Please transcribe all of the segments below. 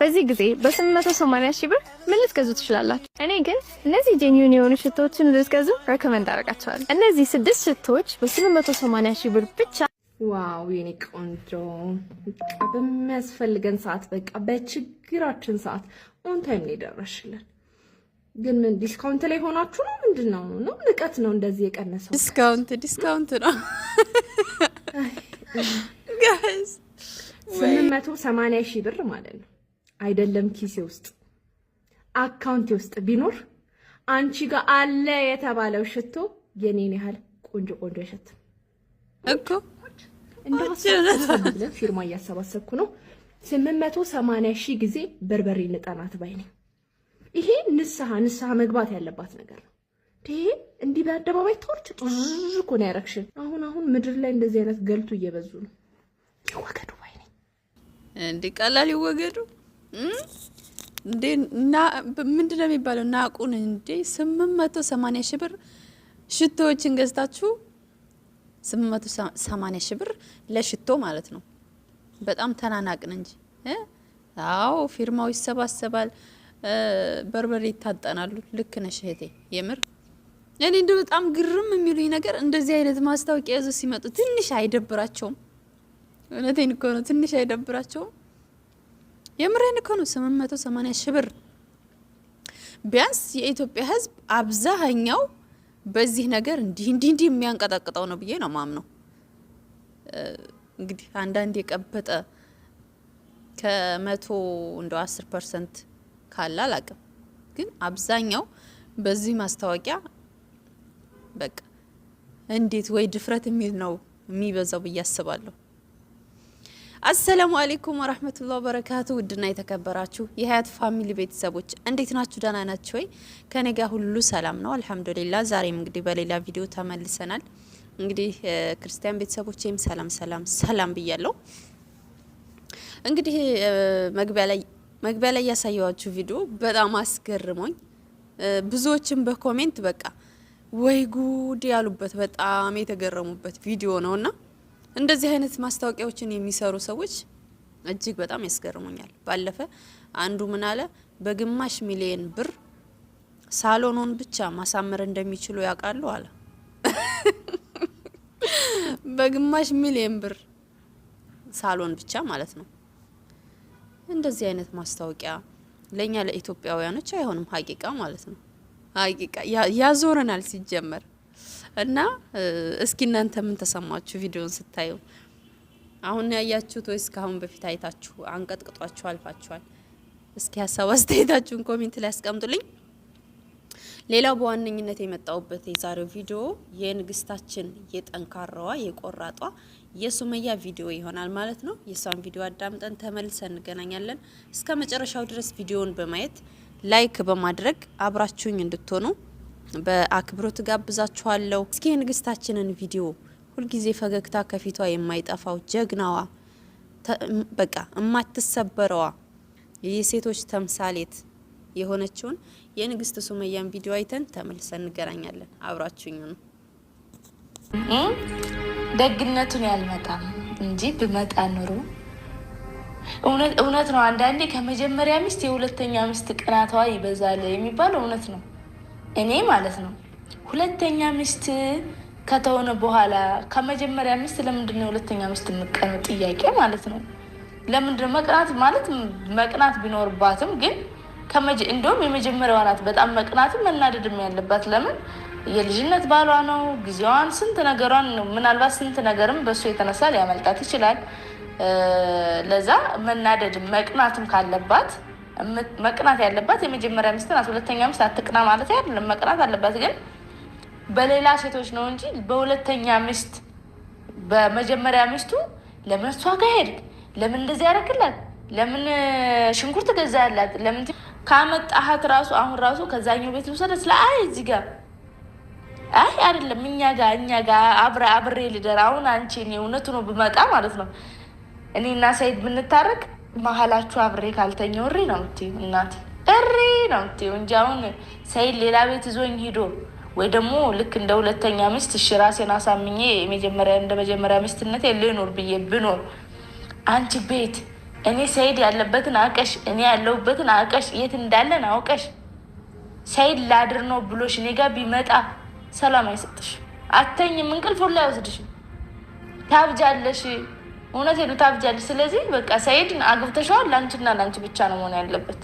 በዚህ ጊዜ በ880 ሺህ ብር ምን ልትገዙ ትችላላችሁ? እኔ ግን እነዚህ ጄኒውን የሆኑ ሽቶዎችን ልትገዙ ሬኮመንድ አደርጋቸዋለሁ። እነዚህ ስድስት ሽቶዎች በ880 ሺህ ብር ብቻ። ዋው የኔ ቆንጆ፣ በሚያስፈልገን ሰዓት፣ በቃ በችግራችን ሰዓት ኦን ታይም ላይ ደረሽልን። ግን ምን ዲስካውንት ላይ ሆናችሁ ነው? ምንድን ነው ነው ንቀት ነው እንደዚህ የቀነሰው? ዲስካውንት ዲስካውንት ነው ጋይስ፣ 880 ሺህ ብር ማለት ነው። አይደለም ኪሴ ውስጥ አካውንቴ ውስጥ ቢኖር አንቺ ጋር አለ የተባለው ሽቶ የኔን ያህል ቆንጆ ቆንጆ አይሸትም እኮ። እንደ ፊርማ እያሰባሰብኩ ነው። ስምንት መቶ ሰማንያ ሺህ ጊዜ በርበሬ ንጠናት ባይ ነኝ። ይሄ ንስሐ ንስሐ መግባት ያለባት ነገር ነው። ይሄ እንዲህ በአደባባይ ቶርች ጥዝ እኮ ነው ያረግሽን። አሁን አሁን ምድር ላይ እንደዚህ አይነት ገልቱ እየበዙ ነው። ይወገዱ ባይ ነኝ። እንዲህ ቀላል ይወገዱ እንዴ ምንድን ነው የሚባለው? ናቁን እንዴ ስምንት መቶ ሰማኒያ ሺህ ብር ሽቶዎችን ገዝታችሁ ስምንት መቶ ሰማኒያ ሺህ ብር ለሽቶ ማለት ነው። በጣም ተናናቅን እንጂ አዎ፣ ፊርማው ይሰባሰባል፣ በርበሬ ይታጠናሉ። ልክ ነሽ እህቴ። የምር እኔ እንደ በጣም ግርም የሚሉኝ ነገር እንደዚህ አይነት ማስታወቂያ ይዘው ሲመጡ ትንሽ አይደብራቸውም? እውነቴን እኮ ነው። ትንሽ አይደብራቸውም? የምሬን እኮ ነው። 880 መቶ ሺህ ብር ቢያንስ የኢትዮጵያ ህዝብ አብዛኛው በዚህ ነገር እንዲህ እንዲህ እንዲህ የሚያንቀጠቅጠው ነው ብዬ ነው ማምነው። እንግዲህ አንዳንድ የቀበጠ ከመቶ እንደው አስር ፐርሰንት ካለ አላቅም፣ ግን አብዛኛው በዚህ ማስታወቂያ በቃ እንዴት ወይ ድፍረት የሚል ነው የሚበዛው ብዬ አስባለሁ። አሰላሙ አሌይኩም ወራህመቱላ በረካቱ ውድና የተከበራችሁ የሀያት ፋሚሊ ቤተሰቦች እንዴት ናችሁ? ደህና ናችሁ ወይ? ከኔ ጋር ሁሉ ሰላም ነው አልሐምዱሊላ። ዛሬም እንግዲህ በሌላ ቪዲዮ ተመልሰናል። እንግዲህ ክርስቲያን ቤተሰቦቼም ሰላም ሰላም ሰላም ብያለሁ። እንግዲህ መግቢያ ላይ ያሳየዋችሁ ቪዲዮ በጣም አስገርሞኝ ብዙዎችም በኮሜንት በቃ ወይ ጉድ ያሉበት በጣም የተገረሙበት ቪዲዮ ነውና እንደዚህ አይነት ማስታወቂያዎችን የሚሰሩ ሰዎች እጅግ በጣም ያስገርሙኛል። ባለፈ አንዱ ምን አለ፣ በግማሽ ሚሊየን ብር ሳሎኑን ብቻ ማሳመር እንደሚችሉ ያውቃሉ አለ። በግማሽ ሚሊየን ብር ሳሎን ብቻ ማለት ነው። እንደዚህ አይነት ማስታወቂያ ለእኛ ለኢትዮጵያውያኖች አይሆንም። ሀቂቃ ማለት ነው። ሀቂቃ ያዞረናል ሲጀመር እና እስኪ እናንተ ምን ተሰማችሁ ቪዲዮን ስታዩ? አሁን ያያችሁት ወይስ ከአሁን በፊት አይታችሁ አንቀጥቅጧችሁ አልፋችኋል? እስኪ ሀሳብ አስተያየታችሁን ኮሜንት ላይ አስቀምጡልኝ። ሌላው በዋነኝነት የመጣውበት የዛሬው ቪዲዮ የንግስታችን የጠንካራዋ የቆራጧ የሱመያ ቪዲዮ ይሆናል ማለት ነው። የእሷን ቪዲዮ አዳምጠን ተመልሰን እንገናኛለን። እስከ መጨረሻው ድረስ ቪዲዮውን በማየት ላይክ በማድረግ አብራችሁኝ እንድትሆኑ በአክብሮት ጋብዛችኋለሁ። እስኪ የንግስታችንን ቪዲዮ ሁልጊዜ ፈገግታ ከፊቷ የማይጠፋው ጀግናዋ፣ በቃ የማትሰበረዋ የሴቶች ተምሳሌት የሆነችውን የንግስት ሱመያን ቪዲዮ አይተን ተመልሰን እንገናኛለን። አብራችሁኝ ነው። ደግነቱን ያልመጣም እንጂ ብመጣ ኑሮ እውነት ነው። አንዳንዴ ከመጀመሪያ ሚስት የሁለተኛ ሚስት ቅናቷ ይበዛል የሚባለው እውነት ነው። እኔ ማለት ነው። ሁለተኛ ሚስት ከተሆነ በኋላ ከመጀመሪያ ሚስት ለምንድን ነው ምስት ሚስት የምቀነው? ጥያቄ ማለት ነው። ለምንድነው መቅናት ማለት መቅናት ቢኖርባትም ግን እንደውም የመጀመሪያዋ ናት በጣም መቅናትም መናደድም ያለባት። ለምን የልጅነት ባሏ ነው። ጊዜዋን ስንት ነገሯን ምናልባት ስንት ነገርም በእሱ የተነሳ ሊያመልጣት ይችላል። ለዛ መናደድም መቅናትም ካለባት መቅናት ያለባት የመጀመሪያ ሚስት ናት። ሁለተኛ ሚስት አትቅና ማለት አይደለም፣ መቅናት አለባት። ግን በሌላ ሴቶች ነው እንጂ በሁለተኛ ሚስት በመጀመሪያ ሚስቱ ለምን እሷ ጋር ሄድክ፣ ለምን እንደዚህ ያደረግላት፣ ለምን ሽንኩርት ያላት? ለምን ካመጣሃት ራሱ አሁን ራሱ ከዛኛው ቤት ልውሰደ ስለ አይ እዚህ ጋር አይ አይደለም እኛ ጋር እኛ ጋር አብረ አብሬ ልደር አሁን አንቺ እኔ እውነቱ ነው ብመጣ ማለት ነው እኔ እና ሰይድ ብንታረቅ መሀላችሁ አብሬ ካልተኛው እሪ ነው የምትይው እናት እሪ ነው የምትይው እንጂ አሁን ሰይድ ሌላ ቤት ይዞኝ ሂዶ ወይ ደግሞ ልክ እንደ ሁለተኛ ሚስት እሺ ራሴን አሳምኜ የመጀመሪያ እንደ መጀመሪያ ሚስትነት ልኖር ብዬ ብኖር አንቺ ቤት እኔ ሰይድ ያለበትን አውቀሽ እኔ ያለሁበትን አውቀሽ የት እንዳለን አውቀሽ ሰይድ ላድር ነው ብሎሽ እኔ ጋር ቢመጣ ሰላም አይሰጥሽ፣ አተኝም፣ እንቅልፍ ሁላ አይወስድሽ፣ ታብጃለሽ። እውነት ሄዱ ታብጃለች። ስለዚህ በቃ ሰይድ አግብተሸዋል። ለአንቺና ለአንቺ ብቻ ነው መሆን ያለበት።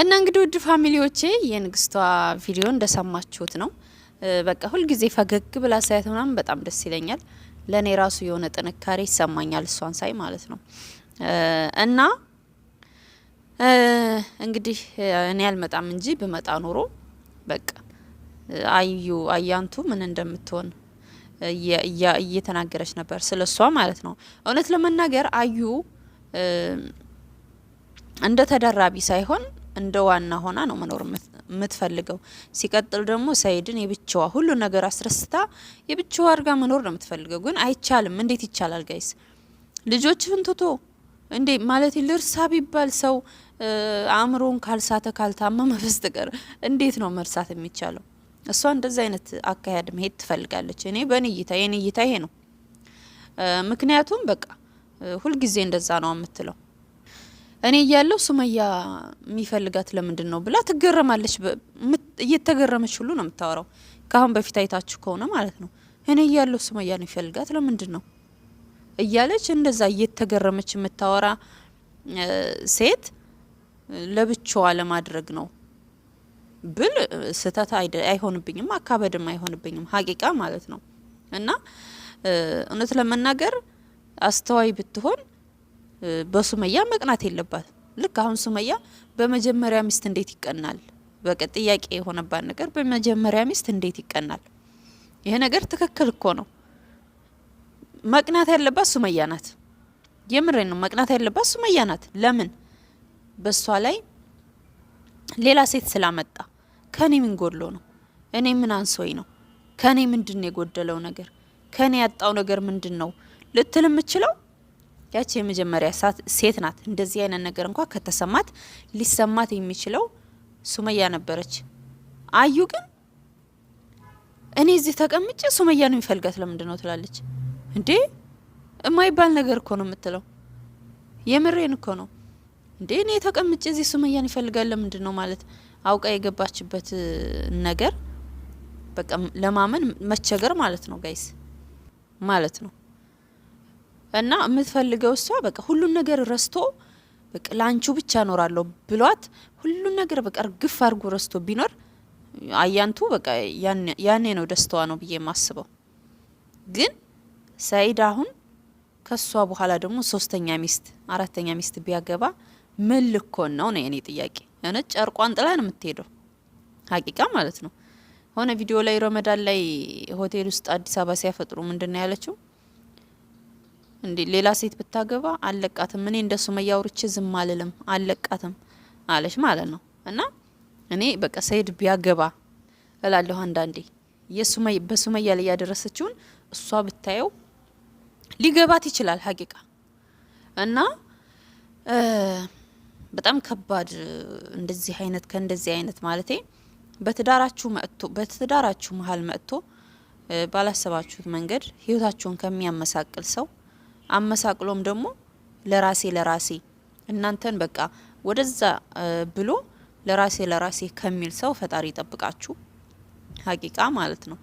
እና እንግዲህ ውድ ፋሚሊዎቼ የንግስቷ ቪዲዮ እንደሰማችሁት ነው። በቃ ሁልጊዜ ፈገግ ብላ ሳያት ምናምን በጣም ደስ ይለኛል። ለእኔ ራሱ የሆነ ጥንካሬ ይሰማኛል እሷን ሳይ ማለት ነው። እና እንግዲህ እኔ አልመጣም እንጂ ብመጣ ኖሮ በቃ አዩ አያንቱ ምን እንደምትሆን እየተናገረች ነበር፣ ስለ እሷ ማለት ነው። እውነት ለመናገር አዩ እንደ ተደራቢ ሳይሆን እንደ ዋና ሆና ነው መኖር የምትፈልገው። ሲቀጥል ደግሞ ሰይድን የብቻዋ ሁሉ ነገር አስረስታ የብቻዋ አድርጋ መኖር ነው የምትፈልገው። ግን አይቻልም። እንዴት ይቻላል ጋይስ? ልጆችህን ትቶ እንዴ ማለት ልርሳ ቢባል ሰው አእምሮን ካልሳተ ካልታመመ በስተቀር እንዴት ነው መርሳት የሚቻለው? እሷ እንደዚ አይነት አካሄድ መሄድ ትፈልጋለች። እኔ በእኔ እይታ የኔ እይታ ይሄ ነው። ምክንያቱም በቃ ሁልጊዜ እንደዛ ነው የምትለው። እኔ እያለው ሱመያ የሚፈልጋት ለምንድን ነው ብላ ትገረማለች። እየተገረመች ሁሉ ነው የምታወራው። ከአሁን በፊት አይታችሁ ከሆነ ማለት ነው። እኔ እያለው ሱመያ ነው የሚፈልጋት ለምንድን ነው እያለች እንደዛ እየተገረመች የምታወራ ሴት ለብቻዋ ለማድረግ ነው ብል ስህተት አይሆንብኝም፣ አካበድም አይሆንብኝም። ሀቂቃ ማለት ነው እና እውነት ለመናገር አስተዋይ ብትሆን በሱመያ መቅናት የለባት። ልክ አሁን ሱመያ በመጀመሪያ ሚስት እንዴት ይቀናል? በቃ ጥያቄ የሆነባት ነገር በመጀመሪያ ሚስት እንዴት ይቀናል? ይሄ ነገር ትክክል እኮ ነው። መቅናት ያለባት ሱመያ ናት። የምሬ ነው። መቅናት ያለባት ሱመያ ናት። ለምን በሷ ላይ ሌላ ሴት ስላመጣ ከኔ ምን ጎድሎ ነው? እኔ ምን አንሶኝ ነው? ከኔ ምንድን ነው የጎደለው ነገር? ከኔ ያጣው ነገር ምንድን ነው ልትል የምችለው ያቺ የመጀመሪያ ሴት ናት። እንደዚህ አይነት ነገር እንኳ ከተሰማት ሊሰማት የሚችለው ሱመያ ነበረች። አዩ ግን እኔ እዚህ ተቀምጬ ሱመያ ነው የሚፈልጋት ለምንድን ነው ትላለች እንዴ? የማይባል ነገር እኮ ነው የምትለው። የምሬን እኮ ነው እንዴ እኔ ተቀምጬ እዚህ ሱመያን ይፈልጋል ለምንድን ነው ማለት አውቃ የገባችበት ነገር በቃ ለማመን መቸገር ማለት ነው ጋይስ ማለት ነው። እና የምትፈልገው እሷ በቃ ሁሉን ነገር ረስቶ በቃ ላንቹ ብቻ እኖራለሁ ብሏት ሁሉን ነገር በቃ እርግፍ አድርጎ ረስቶ ቢኖር አያንቱ በቃ ያኔ ነው ደስታዋ ነው ብዬ የማስበው። ግን ሰኢድ አሁን ከእሷ በኋላ ደግሞ ሶስተኛ ሚስት አራተኛ ሚስት ቢያገባ ምን ልኮን ነው ነው የኔ ጥያቄ። እውነት ጨርቋን ጥላ ነው የምትሄደው፣ ሀቂቃ ማለት ነው። ሆነ ቪዲዮ ላይ ረመዳን ላይ ሆቴል ውስጥ አዲስ አበባ ሲያፈጥሩ ምንድን ነው ያለችው? እንዴ ሌላ ሴት ብታገባ አለቃትም፣ እኔ እንደ ሱመያ አውርቼ ዝም አልልም አለቃትም አለች ማለት ነው። እና እኔ በቃ ሰይድ ቢያገባ እላለሁ አንዳንዴ በሱመያ ላይ ያደረሰችውን እሷ ብታየው ሊገባት ይችላል ሀቂቃ እና በጣም ከባድ እንደዚህ አይነት ከእንደዚህ አይነት ማለቴ በትዳራችሁ መጥቶ በትዳራችሁ መሀል መጥቶ ባላሰባችሁት መንገድ ህይወታችሁን ከሚያመሳቅል ሰው አመሳቅሎም ደግሞ ለራሴ ለራሴ እናንተን በቃ ወደዛ ብሎ ለራሴ ለራሴ ከሚል ሰው ፈጣሪ ይጠብቃችሁ። ሀቂቃ ማለት ነው።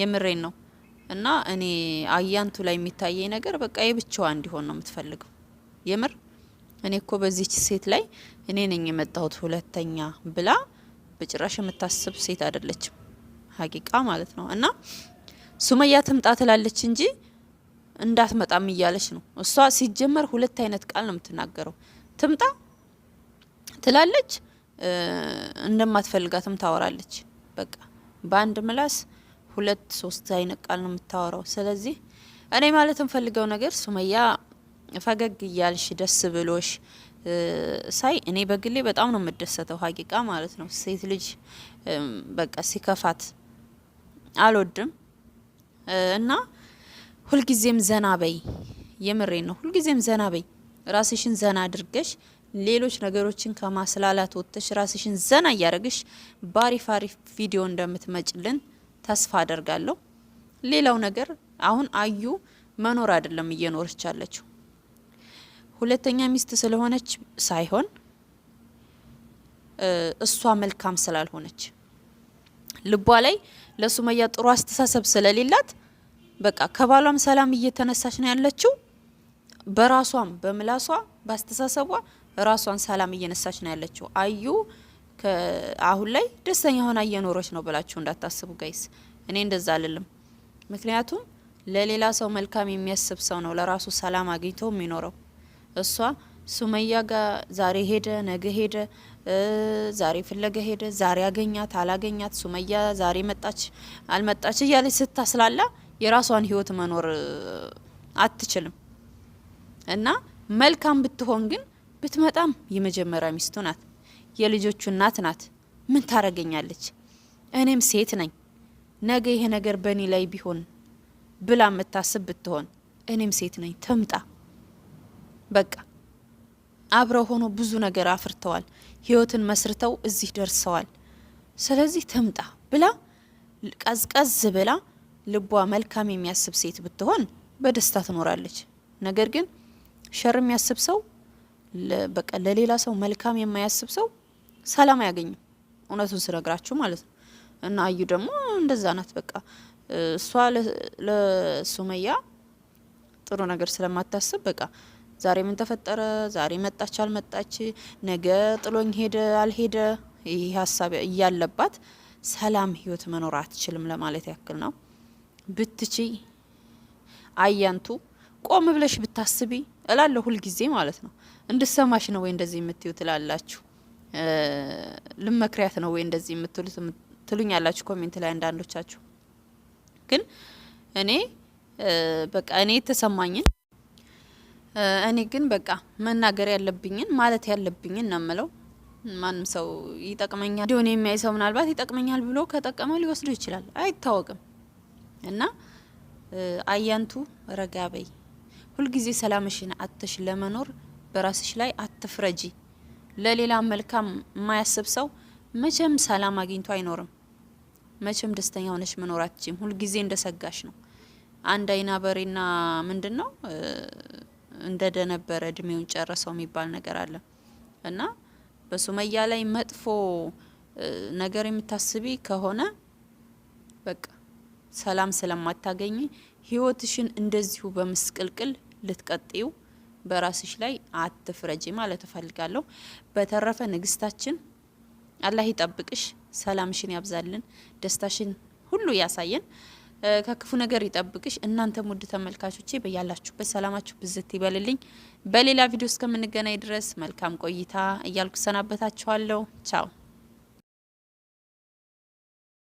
የምሬን ነው። እና እኔ አያንቱ ላይ የሚታየኝ ነገር በቃ የብቻዋ እንዲሆን ነው የምትፈልገው የምር እኔ እኮ በዚች ሴት ላይ እኔ ነኝ የመጣሁት ሁለተኛ ብላ በጭራሽ የምታስብ ሴት አይደለችም። ሀቂቃ ማለት ነው። እና ሱመያ ትምጣ ትላለች እንጂ እንዳትመጣም እያለች ነው። እሷ ሲጀመር ሁለት አይነት ቃል ነው የምትናገረው። ትምጣ ትላለች፣ እንደማትፈልጋትም ታወራለች። በቃ በአንድ ምላስ ሁለት ሶስት አይነት ቃል ነው የምታወራው። ስለዚህ እኔ ማለት የምፈልገው ነገር ሱመያ ፈገግ እያልሽ ደስ ብሎሽ ሳይ እኔ በግሌ በጣም ነው የምደሰተው። ሀቂቃ ማለት ነው ሴት ልጅ በቃ ሲከፋት አልወድም እና ሁልጊዜም ዘና በይ። የምሬ ነው። ሁልጊዜም ዘና በይ። ራስሽን ዘና አድርገሽ ሌሎች ነገሮችን ከማስላላት ወጥተሽ ራስሽን ዘና እያደረግሽ በአሪፍ አሪፍ ቪዲዮ እንደምትመጭልን ተስፋ አደርጋለሁ። ሌላው ነገር አሁን አዩ መኖር አይደለም እየኖረች አለችው ሁለተኛ ሚስት ስለሆነች ሳይሆን እሷ መልካም ስላልሆነች ልቧ ላይ ለሱመያ ጥሩ አስተሳሰብ ስለሌላት በቃ ከባሏም ሰላም እየተነሳች ነው ያለችው። በራሷም በምላሷ በአስተሳሰቧ ራሷን ሰላም እየነሳች ነው ያለችው። አዩ አሁን ላይ ደስተኛ ሆና እየኖረች ነው ብላችሁ እንዳታስቡ ጋይስ። እኔ እንደዛ አልልም። ምክንያቱም ለሌላ ሰው መልካም የሚያስብ ሰው ነው ለራሱ ሰላም አግኝቶ የሚኖረው። እሷ ሱመያ ጋር ዛሬ ሄደ፣ ነገ ሄደ፣ ዛሬ ፍለገ ሄደ፣ ዛሬ አገኛት፣ አላገኛት፣ ሱመያ ዛሬ መጣች፣ አልመጣች እያለች ስታስላላ የራሷን ህይወት መኖር አትችልም። እና መልካም ብትሆን ግን ብትመጣም የመጀመሪያ ሚስቱ ናት፣ የልጆቹ እናት ናት። ምን ታረገኛለች? እኔም ሴት ነኝ። ነገ ይሄ ነገር በእኔ ላይ ቢሆን ብላ የምታስብ ብትሆን እኔም ሴት ነኝ፣ ትምጣ። በቃ አብረው ሆኖ ብዙ ነገር አፍርተዋል፣ ህይወትን መስርተው እዚህ ደርሰዋል። ስለዚህ ትምጣ ብላ ቀዝቀዝ ብላ ልቧ መልካም የሚያስብ ሴት ብትሆን በደስታ ትኖራለች። ነገር ግን ሸር የሚያስብ ሰው በቃ ለሌላ ሰው መልካም የማያስብ ሰው ሰላም አያገኝም። እውነቱን ስነግራችሁ ማለት ነው። እና አዩ ደግሞ እንደዛ ናት። በቃ እሷ ለሱመያ ጥሩ ነገር ስለማታስብ በቃ ዛሬ ምን ተፈጠረ፣ ዛሬ መጣች አልመጣች፣ ነገ ጥሎኝ ሄደ አልሄደ፣ ይህ ሀሳብ እያለባት ሰላም ህይወት መኖር አትችልም ለማለት ያክል ነው። ብትቺ አያንቱ ቆም ብለሽ ብታስቢ እላለሁ ሁልጊዜ ማለት ነው። እንድሰማሽ ነው ወይ እንደዚህ የምትዩ ትላላችሁ። ልመክሪያት ነው ወይ እንደዚህ የምትሉት ትሉኝ ያላችሁ ኮሜንት ላይ አንዳንዶቻችሁ ግን እኔ በቃ እኔ የተሰማኝን እኔ ግን በቃ መናገር ያለብኝን ማለት ያለብኝን ነው የምለው። ማንም ሰው ይጠቅመኛል ዲሆን የሚያይ ሰው ምናልባት ይጠቅመኛል ብሎ ከጠቀመው ሊወስዱ ይችላል፣ አይታወቅም። እና አያንቱ ረጋ በይ። ሁልጊዜ ሰላምሽን አጥተሽ ለመኖር በራስሽ ላይ አትፍረጂ። ለሌላ መልካም የማያስብ ሰው መቼም ሰላም አግኝቶ አይኖርም። መቼም ደስተኛ ሆነሽ መኖር አትችም። ሁልጊዜ እንደሰጋሽ ነው። አንድ አይና በሬና ምንድን ነው እንደደነበረ እድሜውን ጨረሰው የሚባል ነገር አለ እና በሱመያ ላይ መጥፎ ነገር የምታስቢ ከሆነ በቃ ሰላም ስለማታገኝ ህይወትሽን እንደዚሁ በምስቅልቅል ልትቀጥዩ በራስሽ ላይ አትፍረጂ ማለት እፈልጋለሁ። በተረፈ ንግስታችን አላህ ይጠብቅሽ፣ ሰላምሽን ያብዛልን፣ ደስታሽን ሁሉ ያሳየን። ከክፉ ነገር ይጠብቅሽ። እናንተም ውድ ተመልካቾቼ በያላችሁበት ሰላማችሁ ብዝት ይበልልኝ። በሌላ ቪዲዮ እስከምንገናኝ ድረስ መልካም ቆይታ እያልኩ ሰናበታችኋለሁ። ቻው